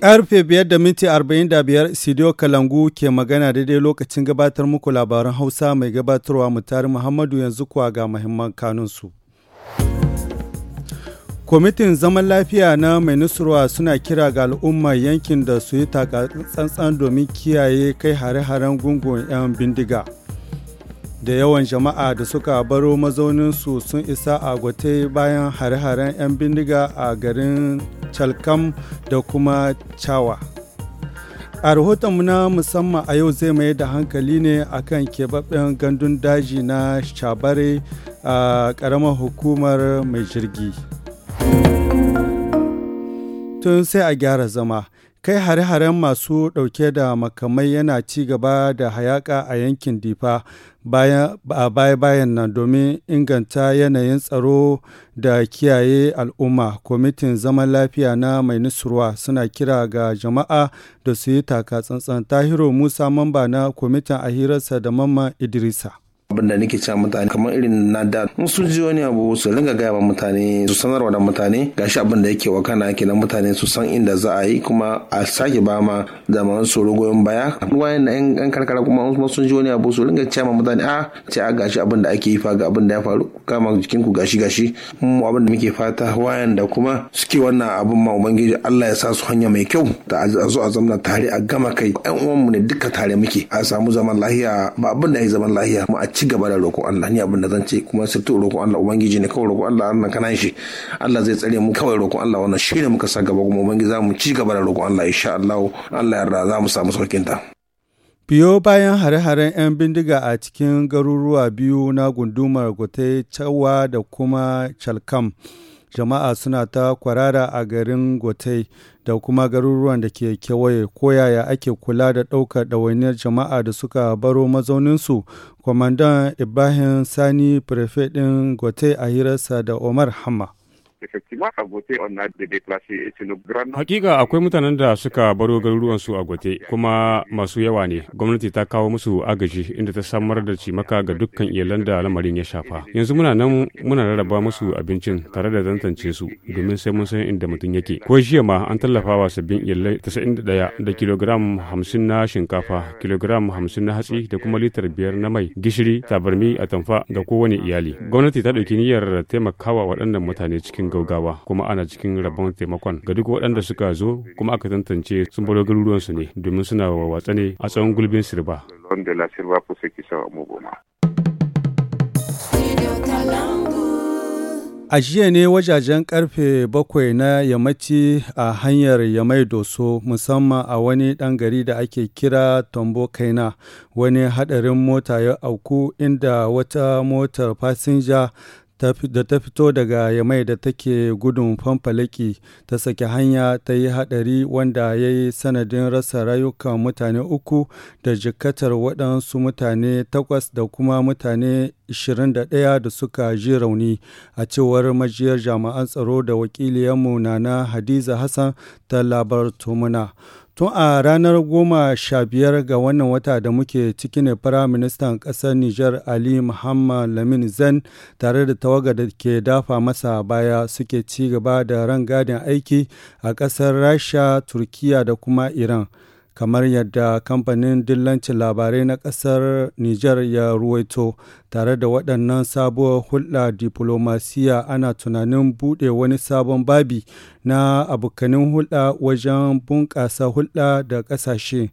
Karfe biyar da minti biyar Sidiyo Kalangu ke magana daidai lokacin gabatar muku labaran Hausa mai gabatarwa mutari Muhammadu yanzu kuwa ga muhimman kanunsu. Kwamitin zaman lafiya na mai nusurwa suna kira ga al'umma yankin da su yi tsantsan domin kiyaye kai hare-haren gungun 'yan bindiga. da yawan jama'a da suka baro mazauninsu sun isa a gwate bayan hare-haren 'yan bindiga a garin calkam da kuma cawa. a rahotonmu na musamman a yau zai mai da hankali ne akan keɓaɓɓen gandun daji na shabare a ƙaramar hukumar mai jirgi tun sai a gyara zama kai hare-haren masu ɗauke da makamai yana ci gaba da hayaka a yankin difa a baya-bayan nan domin inganta yanayin tsaro da kiyaye al'umma kwamitin zaman lafiya na mai nusurwa suna kira ga jama'a da su yi taka tsantsan tahiru musa mamba na kwamitin a hirarsa da mamman idrisa Abin da nake cewa mutane kamar irin na da in sun ji wani abu su ringa gaya ma mutane su sanarwa da mutane gashi abin da yake wakana yake na mutane su san inda za a yi kuma a sake ba ma jami'an su baya wayan na yan karkara kuma in sun ji wani abu su ringa cewa mutane a ah, ce a gashi abin da ake yi fa ga abin da ya faru kama jikin ku gashi gashi mu abin da muke fata wayan da kuma suke wannan abin ma ubangiji Allah ya sa su hanya mai kyau da a zo a zamna tare a gama kai yan uwanmu ne duka tare muke a samu zaman lahiya ba abin da ya zaman lahiya mu a ci gaba da roƙon Allah ni abin da zan ce kuma sirtu roƙon Allah ubangiji ne kawai roƙon Allah Allah kana shi Allah zai tsare mu kawai roƙon Allah wannan shine muka sa gaba kuma ubangiji za mu ci gaba da roƙon Allah insha Allah Allah ya za mu samu saukin ta biyo bayan hare-haren 'yan bindiga a cikin garuruwa biyu na gundumar gote cewa da kuma chalkam jama'a suna ta kwarara a garin gotai da kuma garuruwan da ke kewaye ko yaya ake kula da ɗaukar ɗawainiyar jama'a da suka baro mazauninsu kwamandan ibrahim sani prefet ɗin gotai a hirarsa da omar hamma effectivement, a a on Hakika akwai mutanen da suka baro garuruwan su a gote kuma masu yawa ne. Gwamnati ta kawo musu agaji inda ta samar da cimaka ga dukkan iyalan da lamarin ya shafa. Yanzu muna nan muna rarraba musu abincin tare da zantance su domin sai mun san inda mutum yake. Ko jiya ma an tallafa wa sabbin iyalai 91 da kilogram 50 na shinkafa, kilogram 50 na hatsi da kuma litar biyar na mai, gishiri, tabarmi, atamfa ga kowane iyali. Gwamnati ta ɗauki niyyar taimakawa waɗannan mutane cikin gaugawa kuma ana cikin rabon taimakon ga duk waɗanda suka zo kuma aka tantance sun baro garuruwansu ne domin suna watsa ne a tsawon gulbin sirba. A jiya ne wajajen karfe bakwai na yammaci a hanyar yamai doso musamman a wani ɗan gari da ake kira Tombo Kaina wani haɗarin mota ya auku inda wata motar fasinja da ta fito daga yamai da take gudun fanfalaki ta saki hanya ta yi haɗari wanda ya yi sanadin rasa rayukan mutane uku da jikatar waɗansu mutane takwas da kuma mutane 21 da suka ji rauni a cewar majiyar jami'an tsaro da wakiliyanmu nana hadiza hassan ta labar tumuna. Tun a ranar goma sha biyar ga wannan wata da muke ciki ne Firaministan ƙasar Nijar Ali Muhammad Lamin Zan tare da tawagar da ke dafa masa baya suke ci gaba da rangadin aiki a ƙasar Rasha, Turkiya da kuma Iran. kamar yadda kamfanin dillancin labarai na kasar Nijar ya ruwaito tare da waɗannan sabuwar hulɗa diplomasiya ana tunanin buɗe wani sabon babi na abokanin hulɗa wajen bunƙasa hulɗa da ƙasashe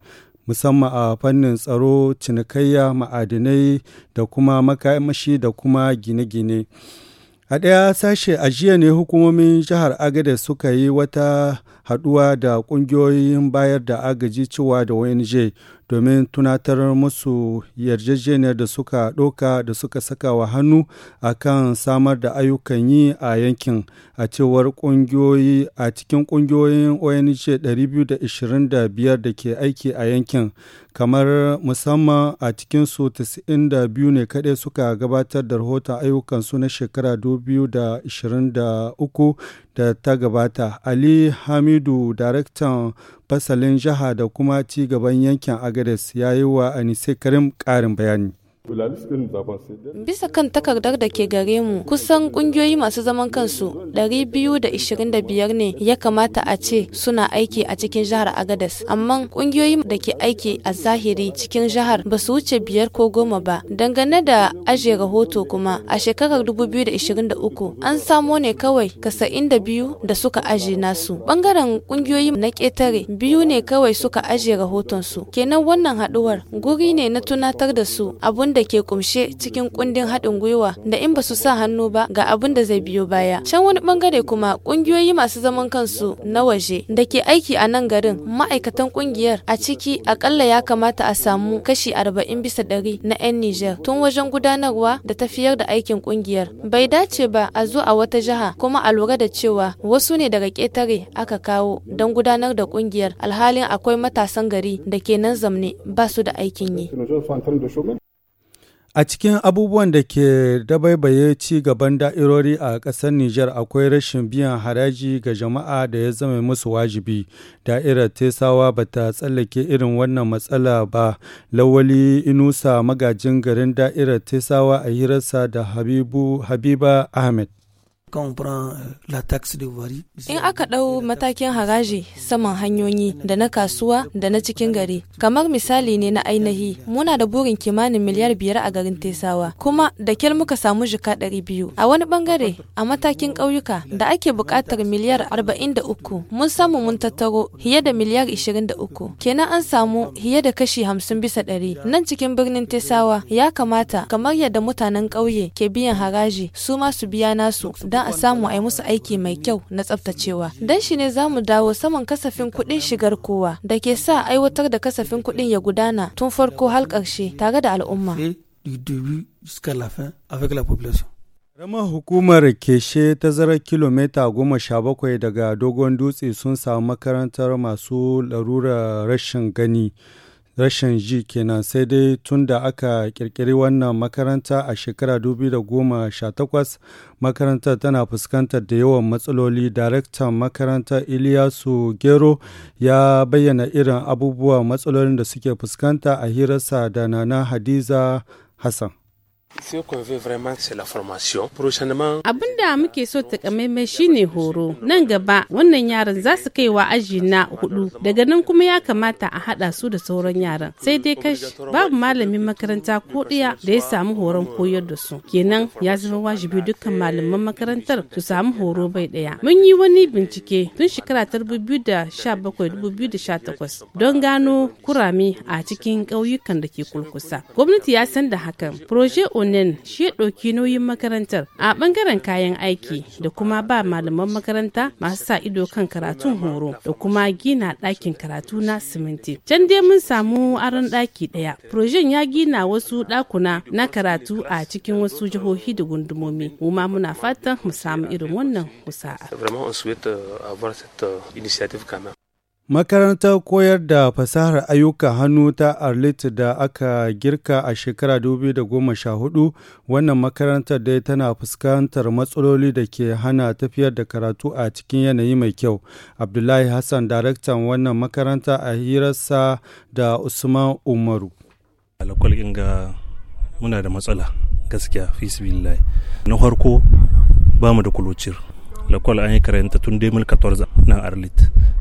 musamman a fannin tsaro cinikayya ma'adinai da kuma makamashi da kuma gine-gine. A ɗaya sashe a jiya ne hukumomin jihar agade suka yi wata haɗuwa da ƙungiyoyin bayar da agaji cewa da ONG domin tunatar musu yarjejeniyar da suka ɗoka da suka saka wa hannu a kan samar da ayyukan yi a yankin a cewar ƙungiyoyi a cikin ƙungiyoyin ong 225 da ke aiki a yankin kamar musamman a cikinsu 92 ne kaɗai suka gabatar da rahoton ayyukansu na shekara 2023 da ta gabata ali hamidu daraktan fasalin jiha da kuma ci gaban yankin Agadez ya yi wa Anise Karim ƙarin bayani. Bisa kan takardar da ke gare mu, kusan kungiyoyi masu zaman kansu 225 ne ya kamata a ce suna aiki a cikin jihar Agadas, amma kungiyoyi da ke aiki a zahiri cikin jihar ba su wuce biyar ko goma ba. Dangane da ajiye rahoto kuma, a shekarar 2023 an samo ne kawai kasa'in da biyu da suka aje nasu. Bangaren kungiyoyi na ƙetare biyu ne kawai suka aje rahotonsu. Kenan wannan haɗuwar guri ne na tunatar da su abun da ke kumshe cikin kundin haɗin gwiwa da in ba su sa hannu ba ga abin da zai biyo baya. Can wani bangare kuma ƙungiyoyi masu zaman kansu na waje da ke aiki a nan garin ma'aikatan ƙungiyar a ciki akalla ya kamata a samu kashi arba'in bisa ɗari na 'yan Nijar tun wajen gudanarwa da tafiyar da aikin ƙungiyar. Bai dace ba a zo a wata jiha kuma a lura da cewa wasu ne daga ketare aka kawo don gudanar da ƙungiyar alhalin akwai matasan gari da ke nan zamne ba su da aikin yi. A cikin abubuwan da ke dabaibaye ci gaban da'irori a ƙasar Nijar akwai rashin biyan haraji ga jama'a da ya zama musu wajibi. Da'irar Tesawa ba ta tsallake irin wannan matsala ba. Lawali Inusa magajin garin da'irar Tesawa a hirarsa da Habiba Ahmed. Euh, In aka ɗau matakin haraji saman hanyoyi da na kasuwa da na cikin gari, kamar misali ne na ainihi muna da burin kimanin miliyar biyar a garin Tesawa, kuma da kyar muka samu jika ɗari biyu. A wani bangare a matakin ƙauyuka da ake buƙatar miliyar arba'in da uku, mun samu mun tattaro fiye da miliyar ishirin da uku. Kenan an samu fiye da kashi hamsin bisa ɗari. Nan cikin birnin Tesawa ya kamata kamar yadda mutanen ƙauye ke biyan haraji su ma su biya nasu. don a samu a yi musu aiki mai kyau na tsaftacewa. dan shi ne za mu dawo saman kasafin kuɗin shigar kowa da ke sa aiwatar da kasafin kuɗin ya gudana tun farko har ƙarshe tare da al'umma. Ramar hukumar Keshe tazarar kilomita goma sha bakwai daga dogon dutse sun samu makarantar masu larura rashin gani. rashin ji kenan sai dai tun da aka kirkiri wannan makaranta a shekara 2018 makarantar tana fuskantar da yawan matsaloli daraktan makarantar iliyasu gero ya bayyana irin abubuwa matsalolin da suke fuskanta a hirarsa da nana hadiza hassan Abin da muke so kamaimai shine horo. Nan gaba wannan yaran za su kai wa aji na hudu daga nan kuma ya kamata a hada su da sauran yaran. Sai dai kashi babu malamin makaranta ko ɗaya da ya samu horon koyar da su. Kenan ya zama wajibi dukkan malaman makarantar su samu horo bai ɗaya. Mun yi wani bincike tun shekara ta 2017-2018 don gano kurame a cikin ƙauyukan da ke kulkusa. Gwamnati ya san da hakan. Proje One Benin shi ya ɗauki nauyin makarantar a ɓangaren kayan aiki da kuma ba malaman makaranta masu sa ido kan karatun horo da kuma gina ɗakin karatu na siminti. Can dai mun samu aron ɗaki ɗaya. Projen ya gina wasu ɗakuna na karatu a cikin wasu jihohi da gundumomi. Mu ma muna fatan mu samu irin wannan musa'a. Makarantar koyar da fasahar ayyukan hannu ta Arlit da aka girka a shekara 2014, wannan makarantar dai tana fuskantar matsaloli da ke hana tafiyar da karatu a cikin yanayi mai kyau. Abdullahi Hassan, daraktan wannan makaranta a hirarsa da Usman Umaru. Alakwal inga muna da matsala gaskiya fi Na farko ba mu da kulocir. lakwal an yi karanta tun 2014 nan arlit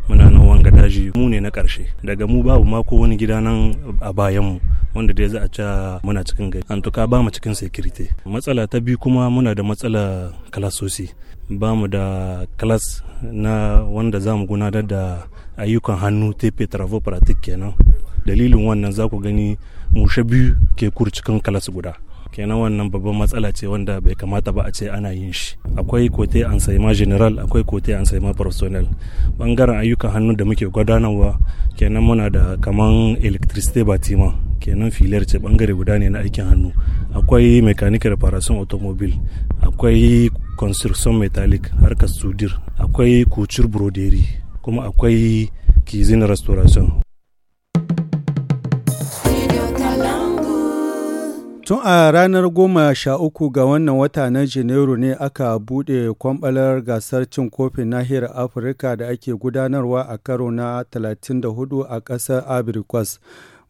muna nan wanga daji mu ne na karshe daga mu babu mako wani gida nan a bayanmu wanda dai za a ca muna cikin gari an tuka ba mu cikin security matsala ta biyu kuma muna da matsala kalasosi ba mu da kalas na wanda za mu gudanar da ayyukan hannu tepe travel pratik kenan dalilin wannan za ku gani mushe biyu ke kur cikin kalas guda kenan wannan babban matsala ce wanda bai kamata ba a ce ana yin shi akwai kote an saima general akwai kote an saima personnel bangaren ayyukan hannu da muke gudanarwa kenan muna da kaman electricity batima kenan filar ce bangare guda ne na aikin hannu akwai mechanical reparation automobile akwai construction metallic harkar sudir akwai kucur broderi kuma akwai kizin restoration Tun a ranar goma sha uku ga wannan wata na Janairu ne aka buɗe kwamɓalar gasar cin kofin nahiyar Afirka da ake gudanarwa a karo na 34 a ƙasar abirikwas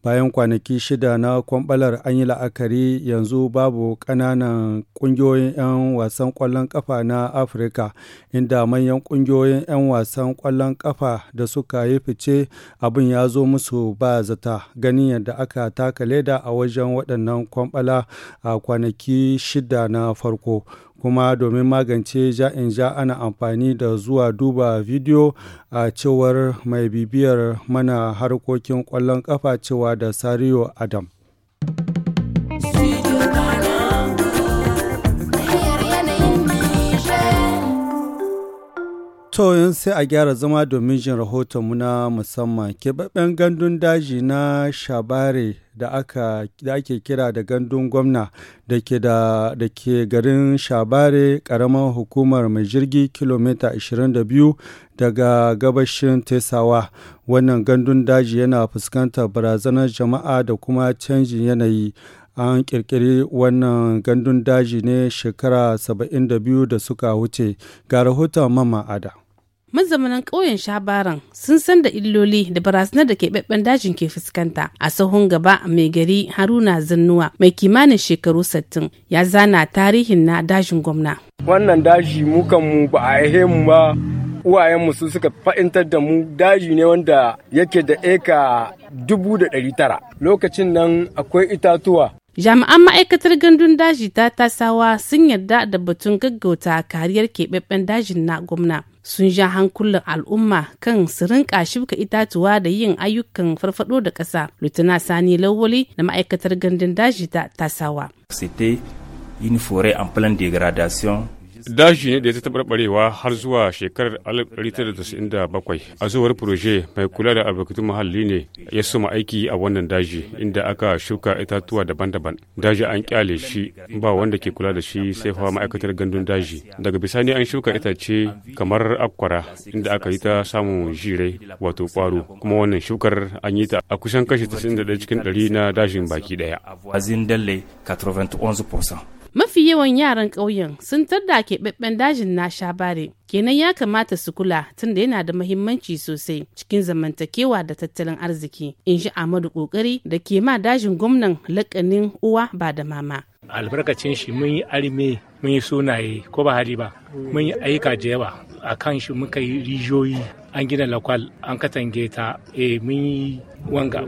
bayan kwanaki shida na kwamɓalar an yi la'akari yanzu babu ƙananan ƙungiyoyin 'yan wasan ƙwallon ƙafa na afirka inda manyan ƙungiyoyin 'yan wasan ƙwallon ƙafa da suka yi fice abin ya zo musu ba zata ganin yadda aka taka leda a wajen waɗannan kwamɓala a kwanaki shida na farko kuma domin magance ja'in ja ana amfani da zuwa duba bidiyo a cewar mai bibiyar mana harkokin ƙwallon ƙafa cewa da Sario Adam. To sai a gyara zama domin jin rahotonmu na musamman keɓaɓɓen gandun daji na Shabare da ake kira da gandun gwamna da ke da ke garin Shabare ƙaramin hukumar mai jirgi kilomita 22 daga gabashin Tesawa. Wannan gandun daji yana fuskantar barazanar jama'a da kuma canjin yanayi. an kirkiri wannan gandun daji ne shekara 72 da suka wuce ga rahoton mama adam mazaunan ƙauyen shabaran sun san da illoli da barazanar da keɓaɓɓen dajin ke fuskanta a sahun gaba mai gari haruna zannuwa mai kimanin shekaru 60 ya zana tarihin na dajin gwamna wannan daji mukan mu ba a yi mu ba uwayenmu su suka fa'intar da mu daji ne wanda yake da eka dubu ɗari tara lokacin nan akwai itatuwa jami'an ma'aikatar gandun daji ta tasawa sun yarda da batun gaggauta kariyar keɓaɓɓen dajin na gwamna sun ja hankulan al'umma kan su rinka shibka itatuwa da yin ayyukan farfado da ƙasa lutuna sani lawali na ma'aikatar gandun daji ta tasawa c'était une forêt en pleine dégradation Dashi ne da ya ta taɓarɓarewa har zuwa shekarar 1997 a zuwar proje mai kula da albarkatun muhalli ne ya suma aiki a wannan daji inda aka shuka itatuwa daban-daban. Daji an kyale shi ba wanda ke kula da shi sai fa ma'aikatar gandun daji. Daga bisani an shuka itace kamar akwara inda aka yi ta samun jirai wato kwaro kuma wannan shukar an yi ta a kusan kashi 91 cikin 100 na dajin baki daya. mafi yawan yaran ƙauyen sun tarda keɓaɓɓen dajin na shabare kenan ya kamata su kula tunda yana da mahimmanci sosai cikin zamantakewa da tattalin arziki in shi amadu kokari da ke ma dajin gwamnan lakanin uwa ba da mama albarkacin shi mun yi arme mun yi sunaye ko ba hali ba mun yi ayyuka da yawa a kan shi muka yi rijiyoyi an gina lakwal an katange ta e mun yi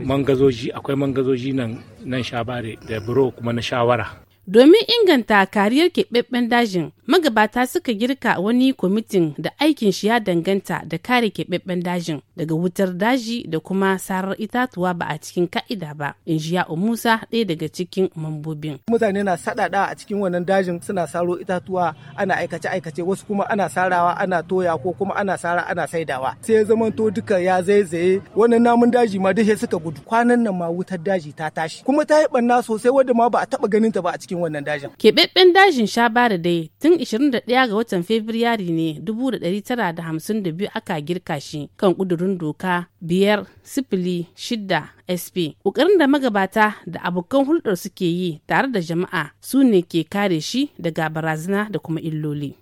mangazoji akwai mangazoji nan nan shabare da buro kuma na shawara Domin inganta kariyar keɓaɓɓen dajin, magabata suka girka wani kwamitin da aikin shi ya danganta da kare keɓaɓɓen dajin daga wutar daji da kuma sarar itatuwa ba a cikin ka'ida ba, in ji ya Musa ɗaya daga cikin mambobin. Mutane na saɗaɗa a cikin wannan dajin suna saro itatuwa ana aikace-aikace wasu kuma ana sarawa ana toya ko kuma ana sara ana saidawa. Sai ya zamanto duka ya zaizaye wannan namun daji ma duk suka gudu. Kwanan nan ma wutar daji ta tashi kuma ta yi ɓanna sosai wadda ma ba a taɓa ganin ta ba a cikin cikin wannan dajin. sha dajin Shabara dai tun 21 ga watan Fabrairu ne 1952 aka girka shi kan ƙudurin doka biyar sifili shida SP. Ƙoƙarin da magabata da abokan hulɗar suke yi tare da jama'a su ne ke kare shi daga barazana da kuma illoli.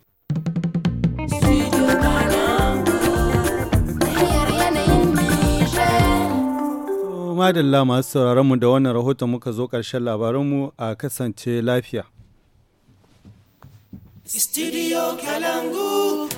madalla masu sauraronmu da wannan rahoton muka zo ƙarshen mu a kasance lafiya. Studio Kalangu.